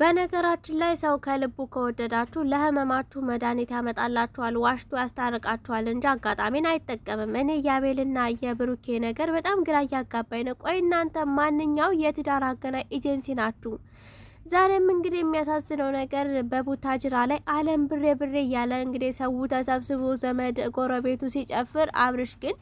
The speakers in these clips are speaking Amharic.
በነገራችን ላይ ሰው ከልቡ ከወደዳችሁ ለህመማችሁ መድኃኒት ያመጣላችኋል፣ ዋሽቶ ያስታርቃችኋል እንጂ አጋጣሚን አይጠቀምም። እኔ የአቤልና የብሩኬ ነገር በጣም ግራ እያጋባኝ ነው። ቆይ እናንተ ማንኛው የትዳር አገናኝ ኤጀንሲ ናችሁ? ዛሬም እንግዲህ የሚያሳዝነው ነገር በቡታጅራ ላይ አለም ብሬ ብሬ እያለ እንግዲህ ሰው ተሰብስቦ ዘመድ ጎረቤቱ ሲጨፍር፣ አብርሽ ግን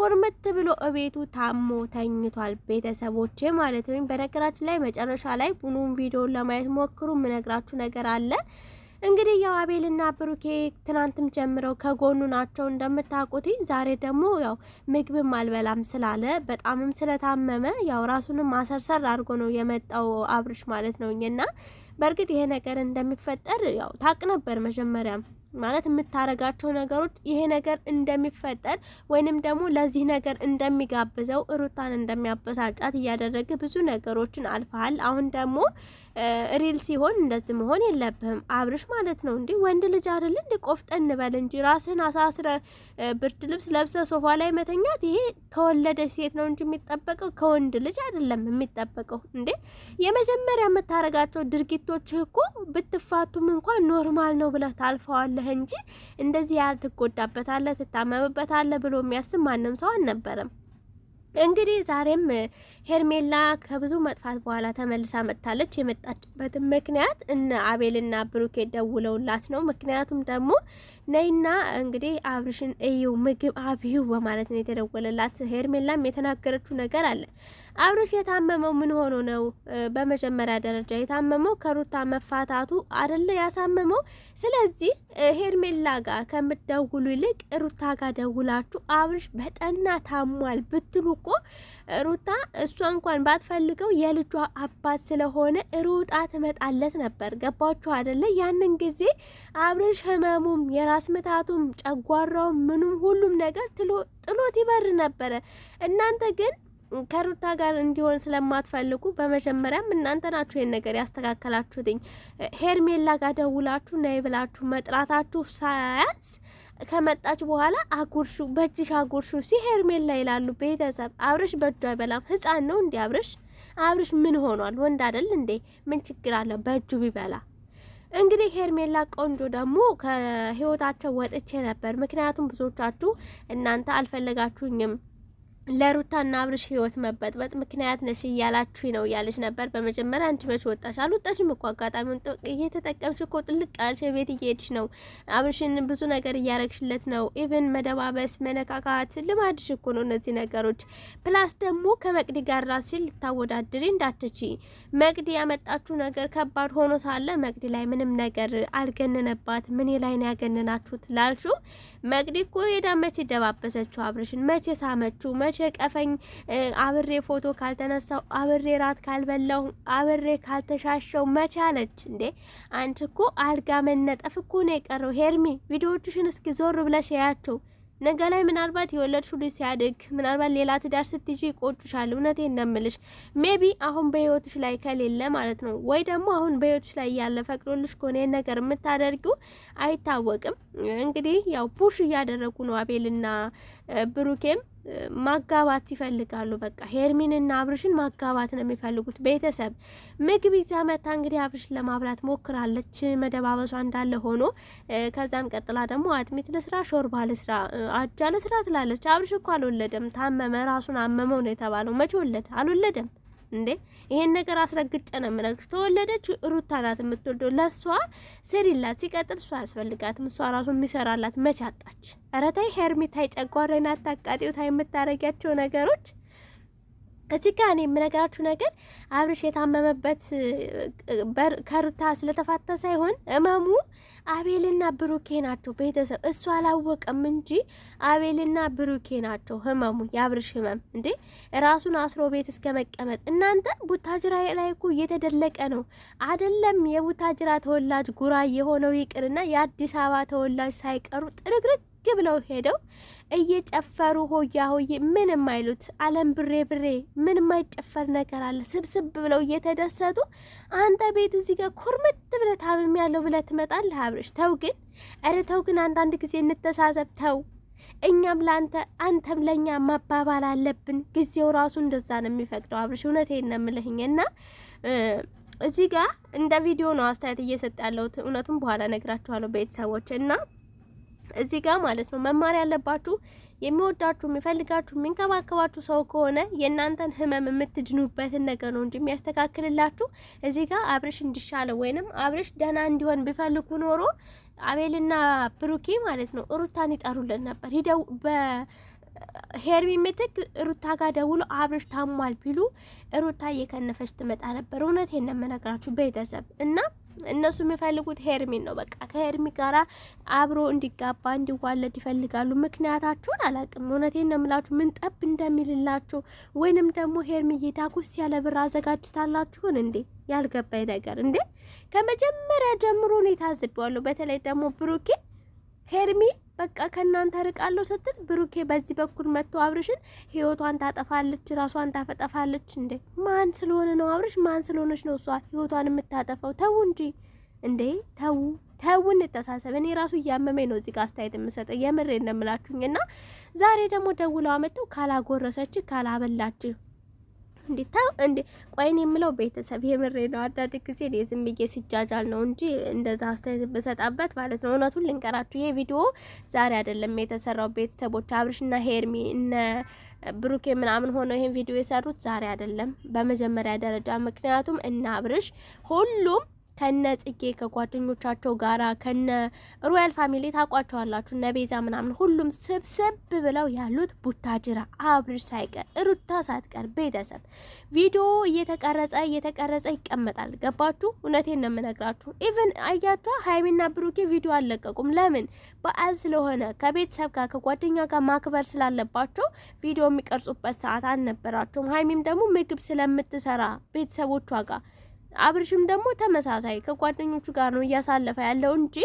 ጎርምት ብሎ እቤቱ ታሞ ተኝቷል። ቤተሰቦቼ ማለት ነው። በነገራችን ላይ መጨረሻ ላይ ቡኑን ቪዲዮን ለማየት ሞክሩ። የምነግራችሁ ነገር አለ እንግዲህ ያው አቤልና ብሩኬ ትናንትም ጀምረው ከጎኑ ናቸው እንደምታውቁትኝ ዛሬ ደግሞ ያው ምግብም አልበላም ስላለ በጣምም ስለታመመ ያው ራሱንም ማሰርሰር አድርጎ ነው የመጣው አብርሽ ማለት ነውና በእርግጥ ይሄ ነገር እንደሚፈጠር ያው ታቅ ነበር መጀመሪያም ማለት የምታረጋቸው ነገሮች ይሄ ነገር እንደሚፈጠር ወይንም ደግሞ ለዚህ ነገር እንደሚጋብዘው ሩታን እንደሚያበሳጫት እያደረገ ብዙ ነገሮችን አልፈሃል። አሁን ደግሞ ሪል ሲሆን እንደዚህ መሆን የለብህም አብርሽ ማለት ነው። እንዲህ ወንድ ልጅ አይደል እንዲ ቆፍጠን በል እንጂ ራስህን አሳስረ ብርድ ልብስ ለብሰ ሶፋ ላይ መተኛት ይሄ ከወለደ ሴት ነው እንጂ የሚጠበቀው ከወንድ ልጅ አይደለም የሚጠበቀው። እንዴ የመጀመሪያ የምታረጋቸው ድርጊቶች እኮ ብትፋቱም እንኳን ኖርማል ነው ብለህ ታልፈዋለህ እንጂ እንደዚህ ያህል ትጎዳበታለህ፣ ትታመምበታለህ ብሎ የሚያስብ ማንም ሰው አልነበረም። እንግዲህ ዛሬም ሄርሜላ ከብዙ መጥፋት በኋላ ተመልሳ መጥታለች። የመጣችበትን ምክንያት እነ አቤልና ብሩኬ ደውለውላት ነው። ምክንያቱም ደግሞ ነይና እንግዲህ አብርሽን እዩ ምግብ አብዩ በማለት ነው የተደወለላት። ሄርሜላም የተናገረችው ነገር አለ። አብርሽ የታመመው ምን ሆኖ ነው? በመጀመሪያ ደረጃ የታመመው ከሩታ መፋታቱ አደለ ያሳመመው። ስለዚህ ሄርሜላ ጋር ከምትደውሉ ይልቅ ሩታ ጋር ደውላችሁ አብርሽ በጠና ታሟል ብትሉ እኮ ሩታ እሷ እንኳን ባትፈልገው የልጇ አባት ስለሆነ ሩጣ ትመጣለት ነበር። ገባችሁ አደለ? ያንን ጊዜ አብርሽ ህመሙም የራ ራስ ምታቱም ጨጓራው ምኑም ሁሉም ነገር ጥሎት ይበር ነበረ። እናንተ ግን ከሩታ ጋር እንዲሆን ስለማትፈልጉ በመጀመሪያም እናንተ ናችሁ ይህን ነገር ያስተካከላችሁትኝ። ሄርሜላ ጋር ደውላችሁ ነይ ብላችሁ መጥራታችሁ ሳያዝ ከመጣች በኋላ አጉርሹ፣ በእጅሽ አጉርሹ ሲ ሄርሜላ ይላሉ ቤተሰብ። አብርሽ በእጁ አይበላም። ህፃን ነው እንዲ አብርሽ አብርሽ ምን ሆኗል? ወንድ አደል እንዴ? ምን ችግር አለው በእጁ ቢበላ? እንግዲህ ሄርሜላ ቆንጆ ደግሞ ከህይወታቸው ወጥቼ ነበር፣ ምክንያቱም ብዙዎቻችሁ እናንተ አልፈለጋችሁኝም ለሩታና አብርሽ ህይወት መበጥበጥ ምክንያት ነሽ እያላችሁ ነው እያለች ነበር። በመጀመሪያ አንቺ መች ወጣሽ? አልወጣሽም እኮ አጋጣሚውን እየተጠቀምሽ እኮ ጥልቅ ያልሽ ቤት እየሄድሽ ነው። አብርሽን ብዙ ነገር እያረግሽለት ነው። ኢቭን መደባበስ፣ መነካካት ልማድሽ እኮ ነው እነዚህ ነገሮች። ፕላስ ደግሞ ከመቅዲ ጋር ራስሽን ልታወዳድሪ እንዳትች። መቅዲ ያመጣችሁ ነገር ከባድ ሆኖ ሳለ መቅዲ ላይ ምንም ነገር አልገነነባት። ምን ላይ ነው ያገነናችሁት ላልሹ መቅዲ እኮ ሄዳ መቼ ደባበሰችው አብርሽን? መቼ ሳመችው? መቼ ቀፈኝ? አብሬ ፎቶ ካልተነሳው፣ አብሬ ራት ካልበላው፣ አብሬ ካልተሻሸው መቼ አለች እንዴ? አንቺ እኮ አልጋ መነጠፍ እኮ ነው የቀረው። ሄርሚ ቪዲዮዎቹሽን እስኪ ዞር ብለሽ ያያቸው። ነገ ላይ ምናልባት የወለድሽው ልጅ ሲያድግ ምናልባት ሌላ ትዳር ስትጂ ይቆጩሻል። እውነቴን ነው ሜቢ አሁን በህይወትሽ ላይ ከሌለ ማለት ነው ወይ ደግሞ አሁን በህይወትሽ ላይ ያለ ፈቅዶልሽ ከሆነ ነገር የምታደርጊው አይታወቅም። እንግዲህ ያው ፑሽ እያደረጉ ነው አቤልና ብሩኬም ማጋባት ይፈልጋሉ። በቃ ሄርሚንና አብርሽን ማጋባት ነው የሚፈልጉት ቤተሰብ። ምግብ ይዛ መታ እንግዲህ አብርሽን ለማብላት ሞክራለች፣ መደባበሷ እንዳለ ሆኖ። ከዛም ቀጥላ ደግሞ አጥሚት ለስራ፣ ሾርባ ለስራ፣ አጃ ለስራ ትላለች። አብርሽ እኮ አልወለደም፣ ታመመ፣ ራሱን አመመው ነው የተባለው። መቼ ወለደ? አልወለደም። እንዴ ይሄን ነገር አስረግጬ ነው የምነግርሽ። ተወለደች ሩታ ናት የምትወልደው። ለእሷ ስሪላት። ሲቀጥል እሷ አያስፈልጋትም። እሷ ራሱ የሚሰራላት መች አጣች? ኧረ ተይ ሄርሚ ታይ፣ ጨጓራዬን አታቃጢው ታይ፣ የምታረጊያቸው ነገሮች እዚህ ጋር እኔ የምነግራችሁ ነገር አብርሽ የታመመበት ከሩታ ስለተፋታ ሳይሆን እመሙ አቤልና ብሩኬ ናቸው ቤተሰብ። እሱ አላወቀም እንጂ አቤልና ብሩኬ ናቸው ህመሙ፣ የአብርሽ ህመም እንዴ! ራሱን አስሮ ቤት እስከ መቀመጥ እናንተ። ቡታጅራ ላይ እኮ እየተደለቀ ነው አደለም? የቡታጅራ ተወላጅ ጉራ የሆነው ይቅርና የአዲስ አበባ ተወላጅ ሳይቀሩ ጥርግርግ ብለው ሄደው እየጨፈሩ ሆያ ሆዬ ምን የማይሉት አለም ብሬ ብሬ ምን የማይጨፈር ነገር አለ? ስብስብ ብለው እየተደሰቱ አንተ ቤት እዚህ ጋር ኩርምት ብለ ታምም ያለው ብለ ትመጣለህ። አብርሽ ተው ግን፣ ኧረ ተው ግን፣ አንዳንድ ጊዜ እንተሳሰብ ተው። እኛም ለአንተ አንተም ለእኛ መባባል አለብን። ጊዜው ራሱ እንደዛ ነው የሚፈቅደው። አብርሽ እውነቴን ነው የምልህኝ እና እዚህ ጋር እንደ ቪዲዮ ነው አስተያየት እየሰጠ ያለሁት። እውነቱም በኋላ ነግራችኋለሁ ቤተሰቦች እና እዚህ ጋር ማለት ነው መማር ያለባችሁ የሚወዳችሁ የሚፈልጋችሁ የሚንከባከባችሁ ሰው ከሆነ የእናንተን ህመም የምትድኑበትን ነገር ነው እንጂ የሚያስተካክልላችሁ። እዚህ ጋር አብርሽ እንዲሻለው ወይንም አብርሽ ደህና እንዲሆን ቢፈልጉ ኖሮ አቤልና ብሩኪ ማለት ነው ሩታን ይጠሩልን ነበር ሂደው በ ሄርሚ ምትክ ሩታ ጋር ደውሎ አብርሽ ታሟል ቢሉ ሩታ እየከነፈች ትመጣ ነበር። እውነቴን ነው የምነግራችሁ ቤተሰብ እና እነሱ የሚፈልጉት ሄርሚን ነው። በቃ ከሄርሚ ጋር አብሮ እንዲጋባ እንዲዋለድ ይፈልጋሉ። ምክንያታችሁን አላቅም። እውነቴን ነው የምላችሁ። ምን ጠብ እንደሚልላችሁ ወይንም ደግሞ ሄርሚ እየዳጉስ ያለ ብር አዘጋጅታላችሁን እንዴ? ያልገባኝ ነገር እንዴ! ከመጀመሪያ ጀምሮ እኔ ታዝቤዋለሁ። በተለይ ደግሞ ብሩኬ ሄርሚ በቃ ከእናንተ ርቃለሁ ስትል ብሩኬ በዚህ በኩል መጥቶ አብርሽን ህይወቷን ታጠፋለች፣ ራሷን ታፈጠፋለች። እንዴ ማን ስለሆነ ነው አብርሽ? ማን ስለሆነች ነው እሷ ህይወቷን የምታጠፋው? ተዉ እንጂ እንዴ ተዉ ተው እንተሳሰብ። እኔ ራሱ እያመመኝ ነው እዚህ ጋር አስተያየት የምሰጠ የምሬ እንደምላችሁኝ። እና ዛሬ ደግሞ ደውለው አመጣው ካላጎረሰች ካላበላች እንዲታ እንዴ ቆይን የምለው ቤተሰብ የምሬ ነው። አንዳንድ ጊዜ እኔ ዝም ብዬ ስጃጃል ነው እንጂ እንደዛ አስተያየት ብሰጣበት ማለት ነው። እውነቱን ልንቀራችሁ ይህ ቪዲዮ ዛሬ አይደለም የተሰራው። ቤተሰቦች አብርሽና ሄርሚ እነ ብሩኬ ምናምን ሆነው ይሄን ቪዲዮ የሰሩት ዛሬ አይደለም በመጀመሪያ ደረጃ ምክንያቱም እና አብርሽ ሁሉም ከነ ጽጌ ከጓደኞቻቸው ጋራ ከነ ሮያል ፋሚሊ ታቋቸዋላችሁ። እነ ቤዛ ምናምን ሁሉም ስብስብ ብለው ያሉት ቡታጅራ አብርሽ ሳይቀር ሩታ ሳትቀር ቤተሰብ ቪዲዮ እየተቀረጸ እየተቀረጸ ይቀመጣል። ገባችሁ? እውነቴን ነው የምነግራችሁ። ኢቨን አያችሁ ሀይሚና ብሩኬ ቪዲዮ አልለቀቁም። ለምን? በዓል ስለሆነ ከቤተሰብ ጋር ከጓደኛ ጋር ማክበር ስላለባቸው ቪዲዮ የሚቀርጹበት ሰዓት አልነበራቸውም። ሀይሚም ደግሞ ምግብ ስለምትሰራ ቤተሰቦቿ ጋር አብርሽም ደግሞ ተመሳሳይ ከጓደኞቹ ጋር ነው እያሳለፈ ያለው እንጂ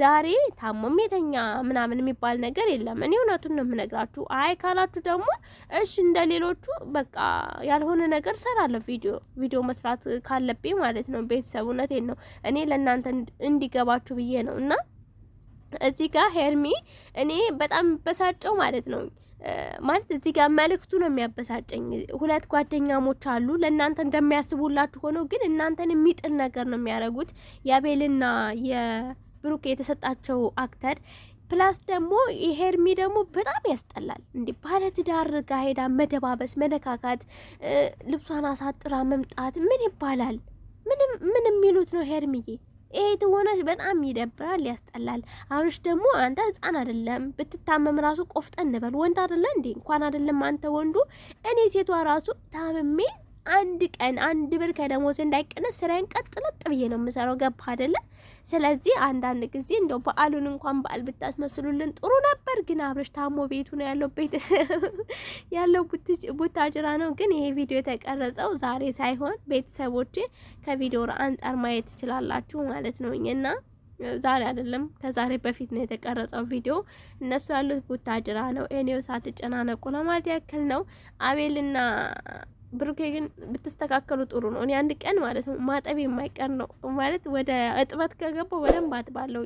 ዛሬ ታሞም የተኛ ምናምን የሚባል ነገር የለም። እኔ እውነቱን ነው የምነግራችሁ። አይ ካላችሁ ደግሞ እሺ እንደ ሌሎቹ በቃ ያልሆነ ነገር ሰራለሁ፣ ቪዲዮ ቪዲዮ መስራት ካለብኝ ማለት ነው። ቤተሰብ እውነቴን ነው እኔ ለእናንተ እንዲገባችሁ ብዬ ነው እና እዚህ ጋር ሄርሚ እኔ በጣም በሳጨው ማለት ነው ማለት እዚህ ጋር መልእክቱ ነው የሚያበሳጨኝ። ሁለት ጓደኛሞች አሉ ለእናንተ እንደሚያስቡላችሁ ሆነው ግን እናንተን የሚጥል ነገር ነው የሚያደርጉት። የአቤልና የብሩክ የተሰጣቸው አክተር ፕላስ ደግሞ የሄርሚ ደግሞ በጣም ያስጠላል። እንዲ ባለትዳር ጋ ሄዳ መደባበስ፣ መነካካት፣ ልብሷን አሳጥራ መምጣት ምን ይባላል? ምንም ምን የሚሉት ነው ሄርሚዬ ይሄ ትወናሽ በጣም ይደብራል፣ ያስጠላል። አብርሽ ደግሞ አንተ ህፃን አይደለም፣ ብትታመም ራሱ ቆፍጠን በል። ወንድ አይደለ እንዴ? እንኳን አይደለም አንተ ወንዱ፣ እኔ ሴቷ ራሱ ታምሜ አንድ ቀን አንድ ብር ከደሞዝ እንዳይቀነስ ስራዬን ቀጥለጥ ብዬ ነው የምሰራው። ገባ አይደለ? ስለዚህ አንዳንድ ጊዜ እንደው በዓሉን እንኳን በዓል ብታስመስሉልን ጥሩ ነበር። ግን አብረሽ ታሞ ቤቱ ነው ያለው። ቤት ያለው ቡታጅራ ነው። ግን ይሄ ቪዲዮ የተቀረጸው ዛሬ ሳይሆን ቤተሰቦቼ ከቪዲዮ አንጻር ማየት ትችላላችሁ ማለት ነው እና ዛሬ አይደለም ከዛሬ በፊት ነው የተቀረጸው ቪዲዮ። እነሱ ያሉት ቡታጅራ ነው። እኔው ሳትጨናነቁ ለማለት ያክል ነው። አቤልና ብሩኬ ግን ብትስተካከሉ ጥሩ ነው። እኔ አንድ ቀን ማለት ነው ማጠብ የማይቀር ነው ማለት ወደ እጥበት ከገባው በደንብ አጥባለሁ።